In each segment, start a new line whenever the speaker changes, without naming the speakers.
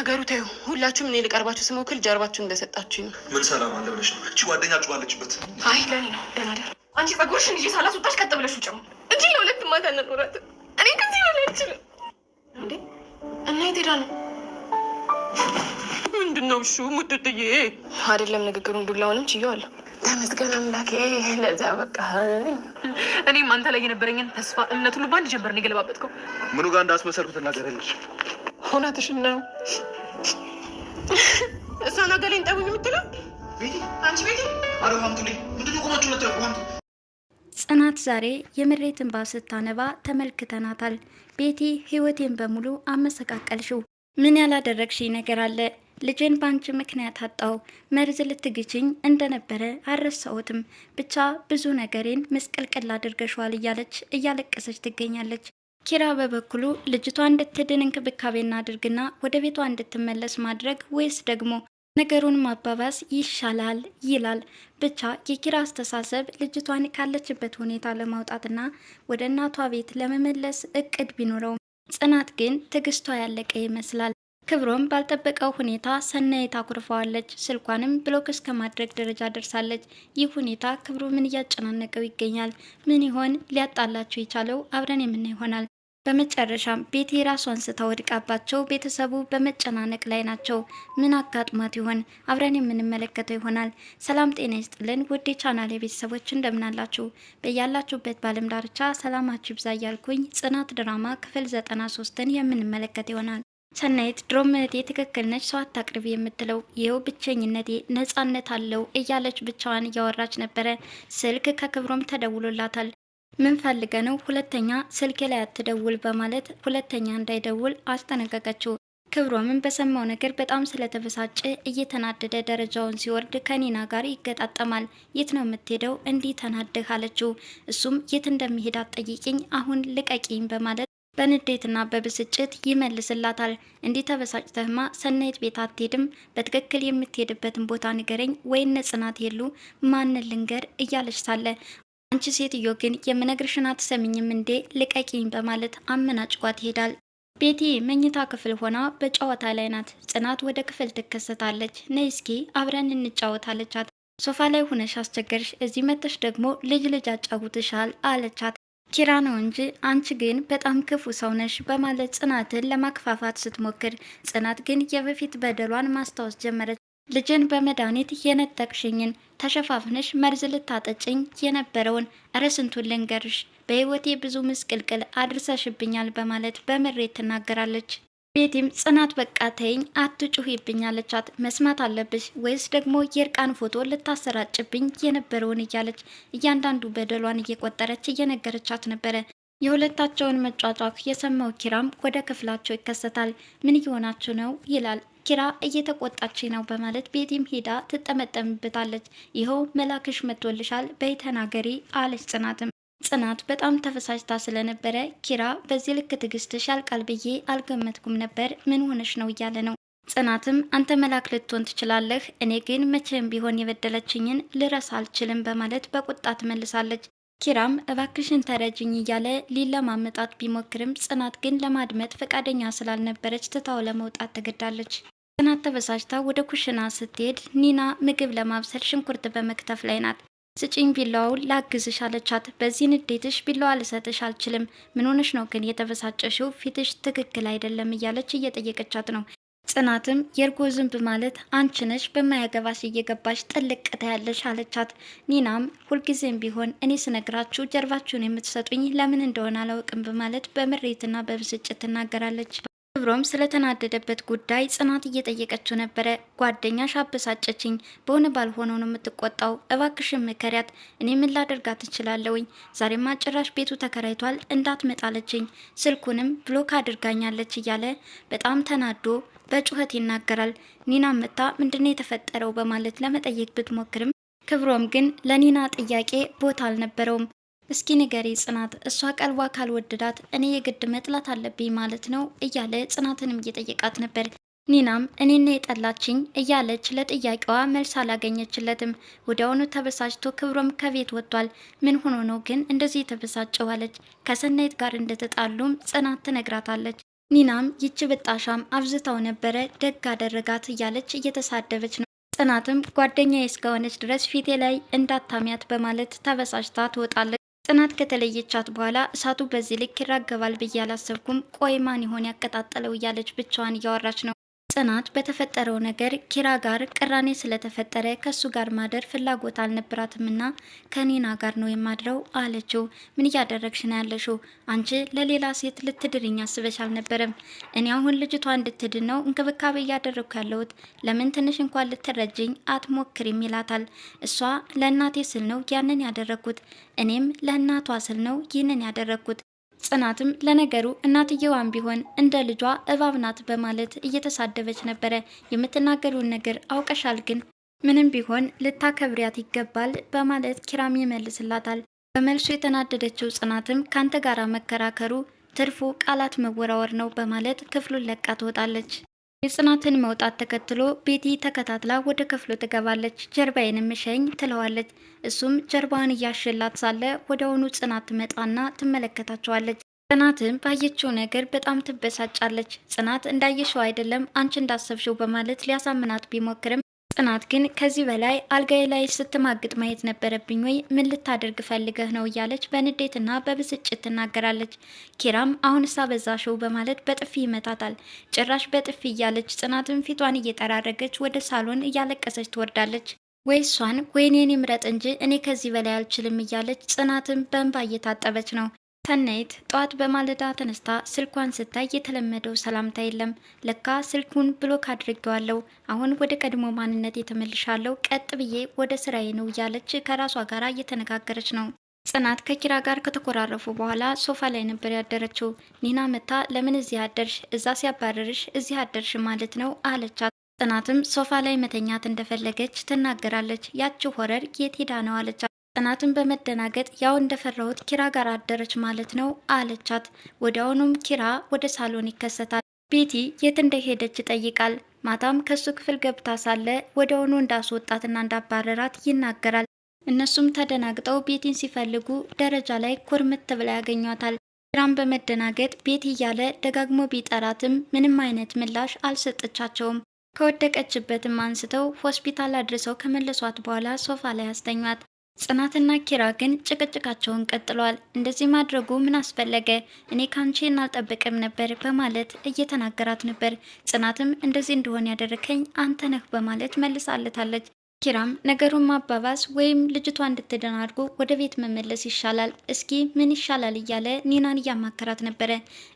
ለነገሩ ተይው። ሁላችሁም እኔ ልቀርባችሁ ስሞክል ጀርባችሁ እንደሰጣችሁ ነው።
ምን ሰላም አለ ብለሽ ነው? እቺ ጓደኛችሁ ባለችበት።
አይ ለኔ ነው። ደህና ደር። አንቺ ጸጉርሽን ይዤ ሳላስወጣሽ ቀጥ ብለሽ ውጭ እንጂ ለሁለት ማታ እናኖራት። እኔ ከዚህ በላይ አልችልም። እንዴ እና የት ሄዳ ነው? ምንድን ነው እሹ? ሙድድዬ አይደለም ንግግሩን፣ ዱላውንም ችየዋለሁ። ተመስገን አምላኬ፣ ለዛ በቃ እኔም አንተ ላይ የነበረኝን ተስፋ እምነት ሁሉ በአንድ ጀንበር ነው የገለባበጥከው። ምኑ ጋር እንዳስመሰልኩት እናገረለች እውነትሽን ነው። እሷ ነገር ጠቡኝ የምትለው ጽናት ዛሬ የምሬት እንባ ስታነባ ተመልክተናታል። ቤቲ ህይወቴን በሙሉ አመሰቃቀልሽው። ምን ያላደረግሽ ነገር አለ? ልጄን በአንቺ ምክንያት አጣው። መርዝ ልትግችኝ እንደነበረ አልረሳሁትም። ብቻ ብዙ ነገሬን ምስቅልቅል አድርገሸዋል እያለች እያለቀሰች ትገኛለች። ኪራ በበኩሉ ልጅቷ እንድትድን እንክብካቤ አድርግና ወደ ቤቷ እንድትመለስ ማድረግ ወይስ ደግሞ ነገሩን ማባባስ ይሻላል ይላል። ብቻ የኪራ አስተሳሰብ ልጅቷን ካለችበት ሁኔታ ለማውጣትና ወደ እናቷ ቤት ለመመለስ እቅድ ቢኖረውም ጽናት ግን ትዕግስቷ ያለቀ ይመስላል። ክብሮም ባልጠበቀው ሁኔታ ሰናይ ታኩርፈዋለች። ስልኳንም ብሎክ እስከ ማድረግ ደረጃ ደርሳለች። ይህ ሁኔታ ምን እያጨናነቀው ይገኛል። ምን ይሆን ሊያጣላቸው የቻለው? አብረን የምናይ ይሆናል። በመጨረሻም ቤቲ ራሷን ስታ ወድቃባቸው ቤተሰቡ በመጨናነቅ ላይ ናቸው። ምን አጋጥሟት ይሆን? አብረን የምንመለከተው ይሆናል። ሰላም ጤና ይስጥልን ውድ የቻናሌ ቤተሰቦች እንደምናላችሁ በያላችሁበት በዓለም ዳርቻ ሰላማችሁ ይብዛ እያልኩኝ ጽናት ድራማ ክፍል ዘጠና ሶስትን የምንመለከት ይሆናል። ሰናይት ድሮም እህቴ ትክክል ነች፣ ሰው አታቅርቢ የምትለው ይኸው ብቸኝነቴ ነጻነት አለው እያለች ብቻዋን እያወራች ነበረ። ስልክ ከክብሮም ተደውሎላታል። ምን ፈልገ ነው ሁለተኛ ስልኬ ላይ አትደውል በማለት ሁለተኛ እንዳይደውል አስጠነቀቀችው። ክብሮምን በሰማው ነገር በጣም ስለተበሳጨ እየተናደደ ደረጃውን ሲወርድ ከኒና ጋር ይገጣጠማል። የት ነው የምትሄደው? እንዲህ ተናደህ አለችው። እሱም የት እንደሚሄድ አትጠይቅኝ፣ አሁን ልቀቂኝ በማለት በንዴትና በብስጭት ይመልስላታል። እንዲህ ተበሳጭተህማ ሰናይት ቤት አትሄድም፣ በትክክል የምትሄድበትን ቦታ ንገረኝ፣ ወይን ጽናት የሉ ማንን ልንገር እያለች ሳለ አንቺ ሴትዮ ግን የምነግርሽን አትሰሚኝም እንዴ ልቀቂኝ በማለት አመናጭቋ ይሄዳል። ቤቲ መኝታ ክፍል ሆና በጨዋታ ላይ ናት። ጽናት ወደ ክፍል ትከሰታለች። ነይ እስኪ አብረን እንጫወት አለቻት። ሶፋ ላይ ሆነሽ አስቸገርሽ፣ እዚህ መጥተሽ ደግሞ ልጅ ልጅ አጫውትሻል አለቻት። ኪራ ነው እንጂ አንቺ ግን በጣም ክፉ ሰው ነሽ በማለት ጽናትን ለማክፋፋት ስትሞክር፣ ጽናት ግን የበፊት በደሏን ማስታወስ ጀመረች። ልጅን በመድኃኒት የነጠቅሽኝን ተሸፋፍነሽ መርዝ ልታጠጭኝ የነበረውን እረ ልንገርሽ፣ በህይወቴ ብዙ ምስቅልቅል አድርሰሽብኛል በማለት በምሬት ትናገራለች። ቤቲም ጽናት በቃ ተይኝ አትጩሂብኝ አለቻት። መስማት አለብሽ ወይስ ደግሞ የእርቃን ፎቶ ልታሰራጭብኝ የነበረውን እያለች እያንዳንዱ በደሏን እየቆጠረች እየነገረቻት ነበረ። የሁለታቸውን መጫጫክ የሰማው ኪራም ወደ ክፍላቸው ይከሰታል። ምን እየሆናችሁ ነው ይላል። ኪራ እየተቆጣች ነው በማለት ቤቲም ሄዳ ትጠመጠምበታለች። ይኸው መላክሽ መጥቶልሻል በይ ተናገሪ አለች ጽናትም ጽናት በጣም ተፈሳጭታ ስለነበረ ኪራ በዚህ ልክ ትግስትሽ ያልቃል ብዬ አልገመትኩም ነበር፣ ምን ሆነሽ ነው እያለ ነው። ጽናትም አንተ መላክ ልትሆን ትችላለህ፣ እኔ ግን መቼም ቢሆን የበደለችኝን ልረሳ አልችልም በማለት በቁጣ ትመልሳለች። ኪራም እባክሽን ተረጅኝ እያለ ሊለማመጣት ቢሞክርም ጽናት ግን ለማድመጥ ፈቃደኛ ስላልነበረች ትታው ለመውጣት ተገዳለች። ጽናት ተበሳጭታ ወደ ኩሽና ስትሄድ ኒና ምግብ ለማብሰል ሽንኩርት በመክተፍ ላይ ናት። ስጪኝ ቢላዋውን ላግዝሽ አለቻት። በዚህ ንዴትሽ ቢላዋ ልሰጥሽ አልችልም፣ ምን ሆነሽ ነው ግን የተበሳጨሽው? ፊትሽ ትክክል አይደለም እያለች እየጠየቀቻት ነው። ጽናትም የእርጎ ዝንብ ማለት አንቺ ነሽ፣ በማያገባሽ እየገባሽ ጥልቅ ያለሽ አለቻት። ኒናም ሁልጊዜም ቢሆን እኔ ስነግራችሁ ጀርባችሁን የምትሰጡኝ ለምን እንደሆነ አላውቅም በማለት በምሬትና በብስጭት ትናገራለች። ክብሮም ስለተናደደበት ጉዳይ ጽናት እየጠየቀችው ነበረ። ጓደኛሽ አበሳጨችኝ፣ በሆነ ባልሆነው ነው የምትቆጣው። እባክሽን ምከሪያት፣ እኔ ምን ላደርጋት እችላለሁኝ? ዛሬማ ጭራሽ ቤቱ ተከራይቷል እንዳትመጣለችኝ፣ ስልኩንም ብሎክ አድርጋኛለች እያለ በጣም ተናዶ በጩኸት ይናገራል። ኒና መታ ምንድነው የተፈጠረው በማለት ለመጠየቅ ብትሞክርም ክብሮም ግን ለኒና ጥያቄ ቦታ አልነበረውም። እስኪ ንገሪ ጽናት፣ እሷ ቀልቧ ካልወደዳት እኔ የግድ መጥላት አለብኝ ማለት ነው እያለ ጽናትንም እየጠየቃት ነበር። ኒናም እኔና የጠላችኝ እያለች ለጥያቄዋ መልስ አላገኘችለትም። ወዲያውኑ ተበሳጭቶ ክብሮም ከቤት ወጥቷል። ምን ሆኖ ነው ግን እንደዚህ የተበሳጨው አለች። ከሰናይት ጋር እንደተጣሉም ጽናት ትነግራታለች። ኒናም ይቺ ብጣሻም አብዝታው ነበረ ደግ አደረጋት እያለች እየተሳደበች ነው። ጽናትም ጓደኛዬ እስከሆነች ድረስ ፊቴ ላይ እንዳታሚያት በማለት ተበሳጭታ ትወጣለች። ጽናት ከተለየቻት በኋላ እሳቱ በዚህ ልክ ይራገባል ብዬ አላሰብኩም። ቆይ ማን ይሆን ያቀጣጠለው እያለች ብቻዋን እያወራች ነው። ጽናት በተፈጠረው ነገር ኪራ ጋር ቅራኔ ስለተፈጠረ ከሱ ጋር ማደር ፍላጎት አልነበራትምና ከኔና ጋር ነው የማድረው አለችው። ምን እያደረግሽ ነው ያለሽው? አንቺ ለሌላ ሴት ልትድርኝ አስበሽ አልነበረም። እኔ አሁን ልጅቷ እንድትድን ነው እንክብካቤ እያደረግኩ ያለሁት። ለምን ትንሽ እንኳን ልትረጅኝ አትሞክሪም? ይላታል። እሷ ለእናቴ ስል ነው ያንን ያደረግኩት፣ እኔም ለእናቷ ስል ነው ይህንን ያደረግኩት ጽናትም ለነገሩ እናትየዋም ቢሆን እንደ ልጇ እባብ ናት በማለት እየተሳደበች ነበረ። የምትናገሩን ነገር አውቀሻል፣ ግን ምንም ቢሆን ልታከብሪያት ይገባል በማለት ኪራም ይመልስላታል። በመልሱ የተናደደችው ጽናትም ካንተ ጋር መከራከሩ ትርፉ ቃላት መወራወር ነው በማለት ክፍሉን ለቃ ትወጣለች። የጽናትን መውጣት ተከትሎ ቤቲ ተከታትላ ወደ ክፍሉ ትገባለች። ጀርባዬን ምሸኝ ትለዋለች። እሱም ጀርባዋን እያሸላት ሳለ ወደውኑ ጽናት ትመጣና ትመለከታቸዋለች። ጽናትም ባየችው ነገር በጣም ትበሳጫለች። ጽናት እንዳየሸው አይደለም አንቺ እንዳሰብሽው በማለት ሊያሳምናት ቢሞክርም ጽናት ግን ከዚህ በላይ አልጋዬ ላይ ስትማግጥ ማየት ነበረብኝ ወይ? ምን ልታደርግ ፈልገህ ነው? እያለች በንዴትና በብስጭት ትናገራለች። ኪራም በዛ ሸው በማለት በጥፊ ይመታታል። ጭራሽ በጥፊ እያለች ጽናትን ፊቷን እየጠራረገች ወደ ሳሎን እያለቀሰች ትወርዳለች። ወይ እሷን ወይኔን ይምረጥ እንጂ እኔ ከዚህ በላይ አልችልም እያለች ጽናትን በእንባ እየታጠበች ነው። ሰናይት ጠዋት በማለዳ ተነስታ ስልኳን ስታይ የተለመደው ሰላምታ የለም። ለካ ስልኩን ብሎክ አድርጌዋለሁ፣ አሁን ወደ ቀድሞ ማንነት የተመልሻለሁ፣ ቀጥ ብዬ ወደ ስራዬ ነው እያለች ከራሷ ጋር እየተነጋገረች ነው። ጽናት ከኪራ ጋር ከተኮራረፉ በኋላ ሶፋ ላይ ነበር ያደረችው። ኒና መታ ለምን እዚህ አደርሽ? እዛ ሲያባረርሽ እዚህ አደርሽ ማለት ነው አለቻት። ጽናትም ሶፋ ላይ መተኛት እንደፈለገች ትናገራለች። ያቺ ሆረር የት ሄዳ ነው አለቻት። ጽናትን በመደናገጥ ያው እንደፈራሁት ኪራ ጋር አደረች ማለት ነው አለቻት። ወዲያውኑም ኪራ ወደ ሳሎን ይከሰታል። ቤቲ የት እንደሄደች ይጠይቃል። ማታም ከሱ ክፍል ገብታ ሳለ ወዲያውኑ እንዳስወጣትና እንዳባረራት ይናገራል። እነሱም ተደናግጠው ቤቲን ሲፈልጉ ደረጃ ላይ ኮርምት ብላ ያገኟታል። ኪራም በመደናገጥ ቤቲ እያለ ደጋግሞ ቢጠራትም ምንም አይነት ምላሽ አልሰጠቻቸውም። ከወደቀችበትም አንስተው ሆስፒታል አድርሰው ከመለሷት በኋላ ሶፋ ላይ ያስተኟት። ጽናትና ኪራ ግን ጭቅጭቃቸውን ቀጥለዋል። እንደዚህ ማድረጉ ምን አስፈለገ? እኔ ካንቺ እናልጠብቅም ነበር በማለት እየተናገራት ነበር። ጽናትም እንደዚህ እንደሆነ ያደረከኝ አንተ ነህ በማለት መልሳለታለች። ኪራም ነገሩን ማባባስ ወይም ልጅቷ እንድትደና አድርጎ ወደ ቤት መመለስ ይሻላል፣ እስኪ ምን ይሻላል እያለ ኒናን እያማከራት ነበረ።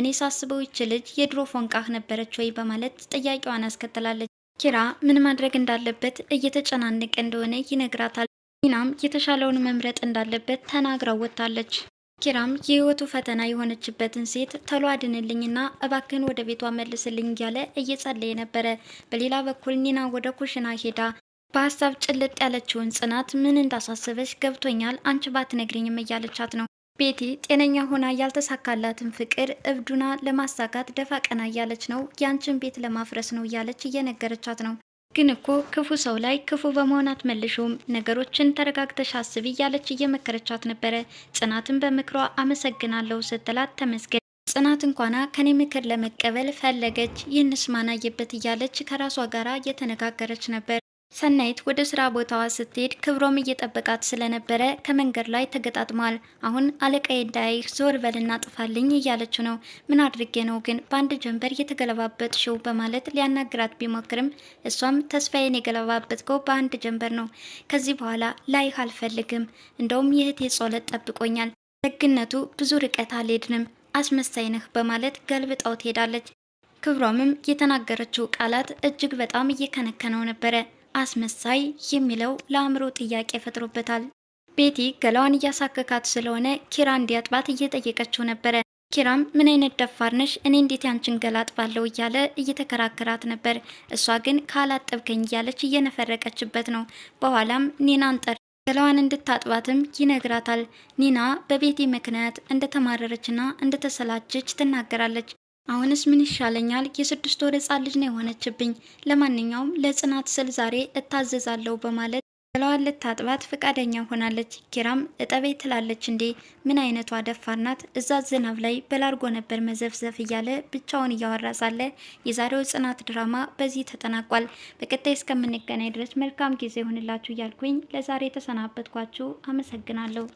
እኔ ሳስበው ይች ልጅ የድሮ ፎንቃህ ነበረች ወይ በማለት ጥያቄዋን አስከትላለች። ኪራ ምን ማድረግ እንዳለበት እየተጨናነቀ እንደሆነ ይነግራታል። ቲናም የተሻለውን መምረጥ እንዳለበት ተናግራ ወጥታለች። ኪራም የህይወቱ ፈተና የሆነችበትን ሴት ተሎ አድንልኝና እባክህን ወደ ቤቷ መልስልኝ እያለ እየጸለየ ነበረ። በሌላ በኩል ኒና ወደ ኩሽና ሄዳ በሀሳብ ጭልጥ ያለችውን ጽናት ምን እንዳሳሰበች ገብቶኛል፣ አንቺ ባትነግሪኝም እያለቻት ነው። ቤቲ ጤነኛ ሆና ያልተሳካላትን ፍቅር እብዱና ለማሳካት ደፋ ቀና እያለች ነው። ያንቺን ቤት ለማፍረስ ነው እያለች እየነገረቻት ነው። ግን እኮ ክፉ ሰው ላይ ክፉ በመሆን አትመልሹም፣ ነገሮችን ተረጋግተሽ አስቢ እያለች እየመከረቻት ነበረ። ጽናትን በምክሯ አመሰግናለሁ ስትላት ተመስገን ጽናት እንኳና ከኔ ምክር ለመቀበል ፈለገች። ይህንስ ማናየበት እያለች ከራሷ ጋራ እየተነጋገረች ነበር። ሰናይት ወደ ስራ ቦታዋ ስትሄድ ክብሮም እየጠበቃት ስለነበረ ከመንገድ ላይ ተገጣጥሟል። አሁን አለቃዬ እንዳያይህ ዞር በልና ጥፋልኝ እያለችው ነው። ምን አድርጌ ነው ግን በአንድ ጀንበር የተገለባበት ሽው በማለት ሊያናግራት ቢሞክርም እሷም ተስፋዬን የገለባበት ኮ በአንድ ጀንበር ነው፣ ከዚህ በኋላ ላይህ አልፈልግም። እንደውም የእህቴ ጸሎት ጠብቆኛል። ደግነቱ ብዙ ርቀት አልሄድንም፣ አስመሳይ ነህ በማለት ገልብጣው ትሄዳለች። ክብሮምም የተናገረችው ቃላት እጅግ በጣም እየከነከነው ነበረ። አስመሳይ የሚለው ለአእምሮ ጥያቄ ፈጥሮበታል። ቤቲ ገላዋን እያሳከካት ስለሆነ ኪራ እንዲያጥባት እየጠየቀችው ነበረ። ኪራም ምን አይነት ደፋር ነሽ፣ እኔ እንዴት ያንችን ገላ አጥባለሁ እያለ እየተከራከራት ነበር። እሷ ግን ካላጠብከኝ እያለች እየነፈረቀችበት ነው። በኋላም ኒናን ጠር ገላዋን እንድታጥባትም ይነግራታል። ኒና በቤቲ ምክንያት እንደተማረረችና እንደተሰላቸች ትናገራለች። አሁንስ ምን ይሻለኛል? የስድስት ወር ህጻን ልጅ ነው የሆነችብኝ። ለማንኛውም ለጽናት ስል ዛሬ እታዘዛለሁ በማለት ገላዋን ልታጥባት ፈቃደኛ ሆናለች። ኪራም እጠቤ ትላለች። እንዴ ምን አይነቷ ደፋር ናት! እዛ ዝናብ ላይ በላርጎ ነበር መዘፍዘፍ እያለ ብቻውን እያወራ ሳለ የዛሬው ጽናት ድራማ በዚህ ተጠናቋል። በቀጣይ እስከምንገናኝ ድረስ መልካም ጊዜ ሆንላችሁ እያልኩኝ ለዛሬ የተሰናበትኳችሁ አመሰግናለሁ።